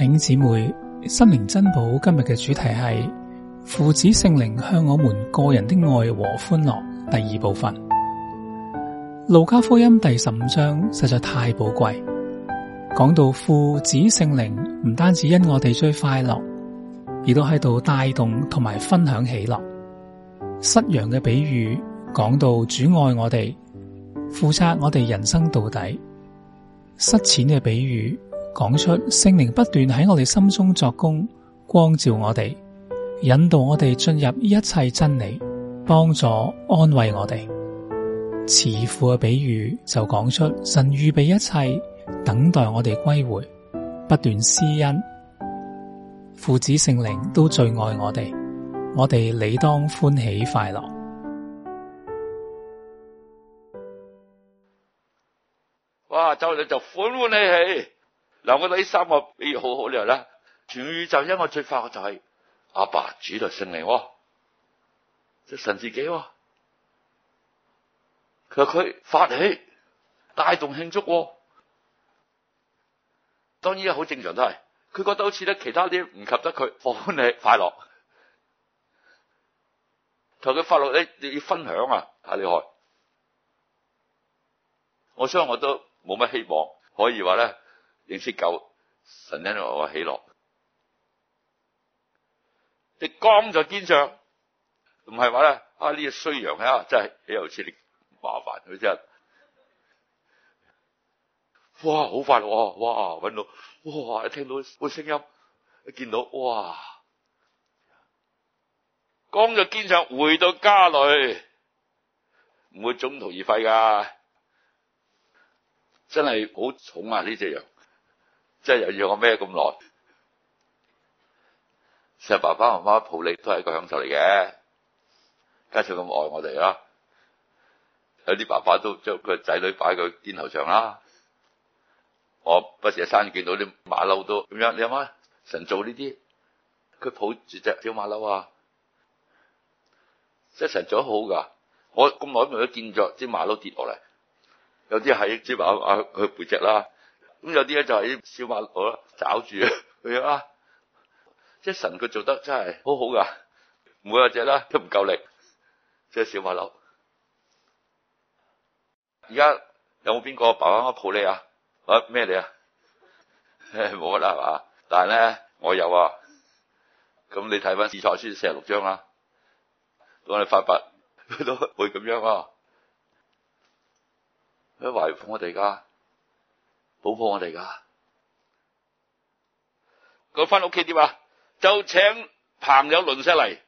兄姊妹心靈珍寶今日嘅主題係父子聖靈向我們個人的愛和歡樂。第二部分，路加福音第十五章實在太寶貴，講到父子聖靈唔單止因我哋最快樂，而都喺度帶動同埋分享喜樂。失羊嘅比喻講到主愛我哋，負責我哋人生到底。失錢嘅比喻。講出聖靈不斷喺我哋心中作工，光照我哋，引導我哋進入一切真理，幫助安慰我哋。慈父嘅比喻就講出神預備一切，等待我哋歸回，不斷施恩，父子聖靈都最愛我哋，我哋理當歡喜快樂。哇！走嚟就歡歡喜喜。嗱，我睇呢三個比喻好好咧，啦，全宇宙因為最快嘅就係阿爸主聖靈，即神自己，佢，佢發起帶動慶祝，當然好正常都係，佢覺得好似咧其他啲唔及得佢，歡喜快樂，同佢快樂你要分享啊，太厲害，我相信我都冇乜希望可以話咧。你識狗神因我喜樂，你扛在肩上，唔係話咧啊呢隻衰羊啊真係，豈有此理麻煩佢真係。哇好快喎，哇搵到，哇一聽到個聲音，一見到哇，扛在肩上，回到家裏唔會中途而廢噶，真係好重啊呢隻羊。即係又要我孭咁耐，成日爸爸媽媽抱你都係一個享受嚟嘅，加上咁愛我哋啦、啊。有啲爸爸都將個仔女擺佢肩頭上啦、啊。我不時山見到啲馬騮都咁樣。你有冇神做呢啲，佢抱住隻小馬騮啊，一齊做都好噶。我咁耐都見咗啲馬騮跌落嚟，有啲係接埋啊佢背脊啦、啊。咁有啲咧就喺小馬佬啦，抓住佢啊！即係神佢做得真係好好噶，每一隻啦都唔夠力，即係小馬佬。而家有冇邊個爸爸抱你啊？啊咩你啊？冇乜啦係嘛？但係咧我有啊，咁你睇翻《以賽亞書，四十六章啦、啊，到我哋髮白都會咁樣啊，佢懷負我哋噶、啊。保護我哋噶，佢返屋企點啊？就請朋友鄰舍嚟，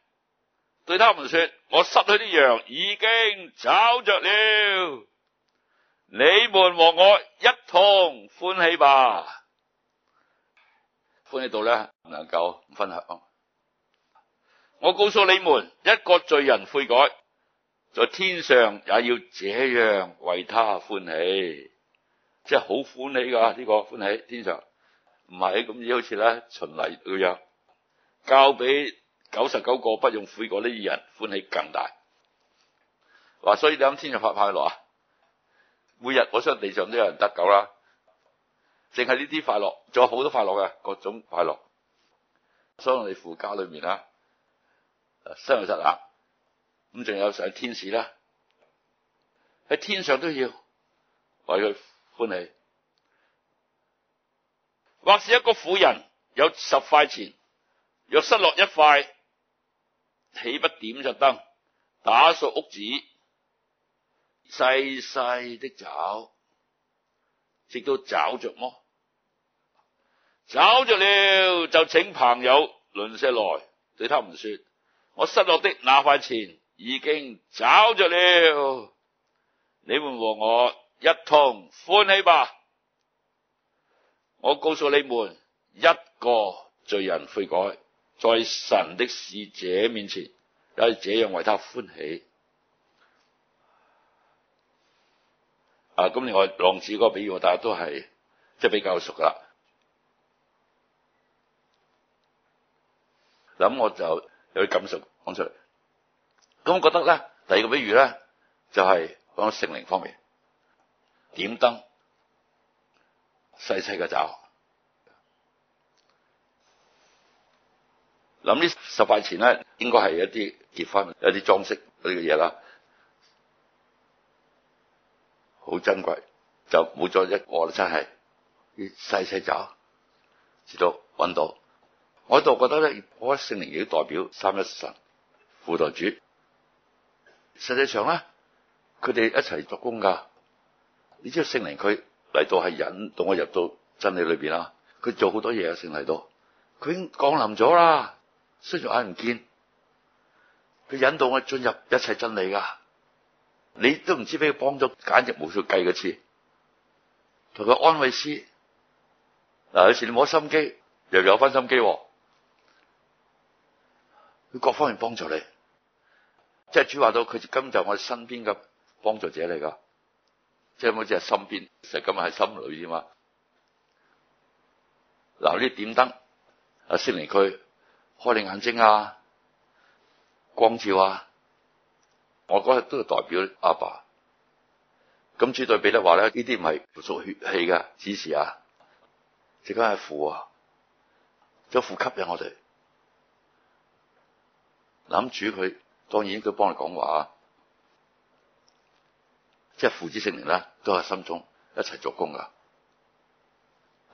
對他們說，我失去啲羊已經找着了，你們和我一同歡喜吧。歡喜到咧，唔能夠分享。我告訴你們，一個罪人悔改，在天上也要這樣為他歡喜。即係好歡喜噶呢、這個歡喜天上，唔係咁好似咧循例咁樣，交俾九十九個不用悔改呢啲人歡喜更大。話、啊、所以你諗天上發快樂啊！每日我相信地上都有人得救啦，淨係呢啲快樂，仲有好多快樂嘅各種快樂，所以你父家裏面啦，新約失啊，咁仲有上天使啦，喺天上都要為佢。歡喜。或是一個婦人有十塊錢，若失落一塊，豈不點着燈，打掃屋子，細細的找，直到找着嗎？找着了，就請朋友鄰舍來，對他們說：我失落的那塊錢已經找着了，你們和我。一同歡喜吧！我告訴你們，一個罪人悔改，在神的使者面前，也係這樣為他歡喜。啊，咁另外浪子嗰個比喻我大，大家都係即係比較熟噶啦。咁我就有啲感受講出嚟。咁我覺得咧，第二個比喻咧，就係講聖靈方面。點燈，細細個找，諗呢十塊錢咧，應該係一啲結婚、一啲裝飾呢個嘢啦，好珍貴就冇咗一個啦，真係要細細找，直到搵到。我喺度覺得咧，我一聖靈嘢代表三一神輔導主，實際上咧，佢哋一齊做工噶。你知道聖靈佢嚟到係引導我入到真理裏邊啦，佢做好多嘢啊！聖靈到，佢已經降臨咗啦，雖然眼唔見，佢引導我進入一切真理噶。你都唔知俾佢幫咗簡直無數計嘅次，同佢安慰師嗱，有時你冇心機，又有，有返心機，佢各方面幫助你，即係主話到佢根本就我身邊嘅幫助者嚟噶。即係好似喺身邊，成日噉喺心裏面嘛。嗱，呢啲點燈？阿聖靈佢開你眼睛啊，光照啊！我嗰日都係代表阿爸，爸。咁主對比咧話咧，呢啲唔係屬血氣噶？指示啊，即刻講係父啊，將父吸引我哋。諗住佢，當然佢幫你講話，啊。即係父子聖靈咧，都係心中一齊作工噶。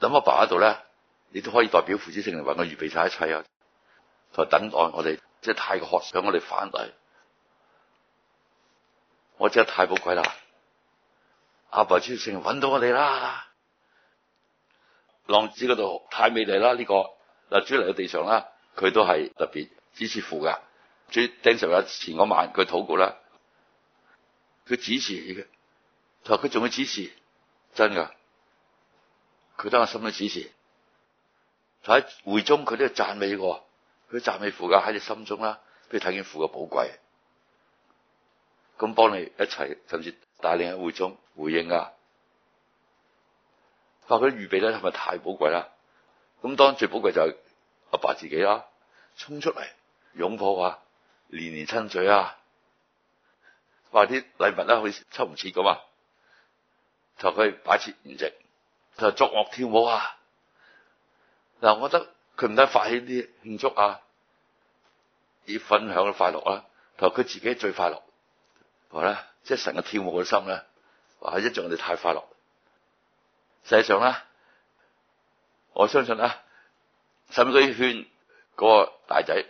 咁阿爸喺度咧，你都可以代表父子聖靈，搵我預備晒一切啊，同埋等待我哋。即係太過渴想，我哋返嚟。我真係太寶貴啦！阿爸父子聖靈揾到我哋啦，浪子嗰度太美麗啦，呢、這個嗱，主嚟嘅地上啦，佢都係特別支持父噶。最丁神日前嗰晚佢禱告啦，佢支持。佢仲要指示，真噶。佢得我心裏指示。佢喺會中佢都讚美我，佢讚美父嘅喺你心中啦，俾你睇見父嘅寶貴，咁幫你一齊，甚至帶領喺會中回應啊。話佢預備咧係咪太寶貴啦？咁當然最寶貴就係阿爸，爸自己啦，衝出嚟擁抱啊，連連親嘴啊，話啲禮物啦，佢出唔切咁啊！就佢擺設筵席，就作樂跳舞啊！嗱、啊，我覺得佢唔使發起啲慶祝啊，以分享嘅快樂啦、啊，同佢自己最快樂，係咪即係神嘅跳舞嘅心咧？或者做人太快樂。實際上咧，我相信咧，甚至勸嗰個大仔，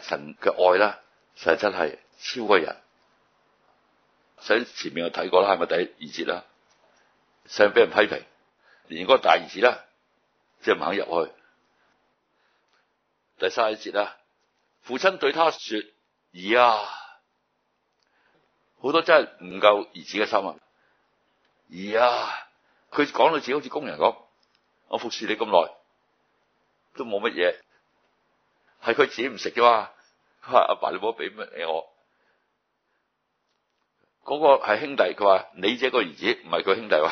神嘅愛咧，實真係超過人。上前面我睇過啦，係咪第二節啦？想俾人批評，連個大兒子啦，即係唔肯入去。第三一節啦，父親對他說，兒啊，好多真係唔夠兒子嘅心啊！兒啊，佢講到自己好似工人咁，我服侍你咁耐，都冇乜嘢，係佢自己唔食啫嘛。阿、啊、爸，爸，你唔好俾乜嘢我。嗰個係兄弟，佢話：你這個兒子唔係佢兄弟喎。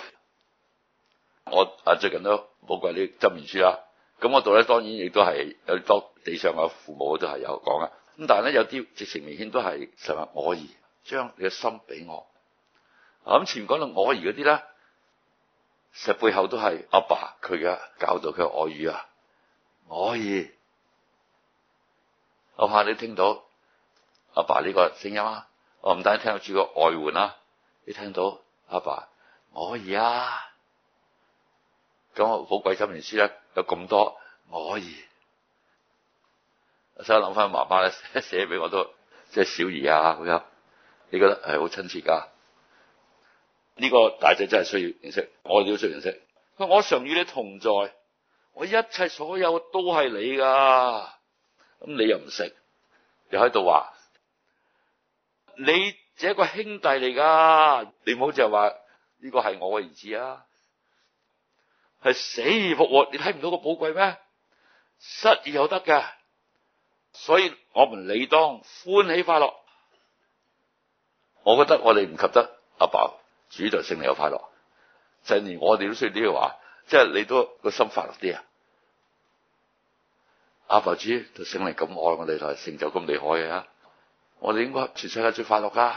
我啊最近都冇怪你浸完書啦。咁我度咧當然亦都係有多地上嘅父母都係有講啊。咁但係咧有啲直情明顯都係成日我兒將你嘅心俾我。咁、啊、前面講到我兒嗰啲咧，實背後都係阿爸佢嘅教導，佢外語啊，我兒。我怕你聽到阿爸呢個聲音啊！我唔單止聽住個外援啦，你聽到阿爸，爸，我可以啊，咁好鬼心念書咧有咁多，我可以。我而家諗翻媽媽咧寫俾我都，即係小儀啊，咁樣，你覺得係好親切噶？呢個大姐真係需要認識，我哋都需要認識。佢我常與你同在，我一切所有都係你噶，咁你又唔識，又喺度話。你這個兄弟嚟噶，你唔好就話呢個係我嘅兒子啊，係死而復活，你睇唔到個寶貴咩？失而又得嘅，所以我們理當歡喜快樂。我覺得我哋唔及得阿爸主對聖靈有快樂，就是，連我哋都需要呢句話，即、就、係、是、你都個心快樂啲啊！阿爸主對聖靈就勝利咁愛我哋，就係成就咁厲害啊！我哋應該全世界最快樂㗎。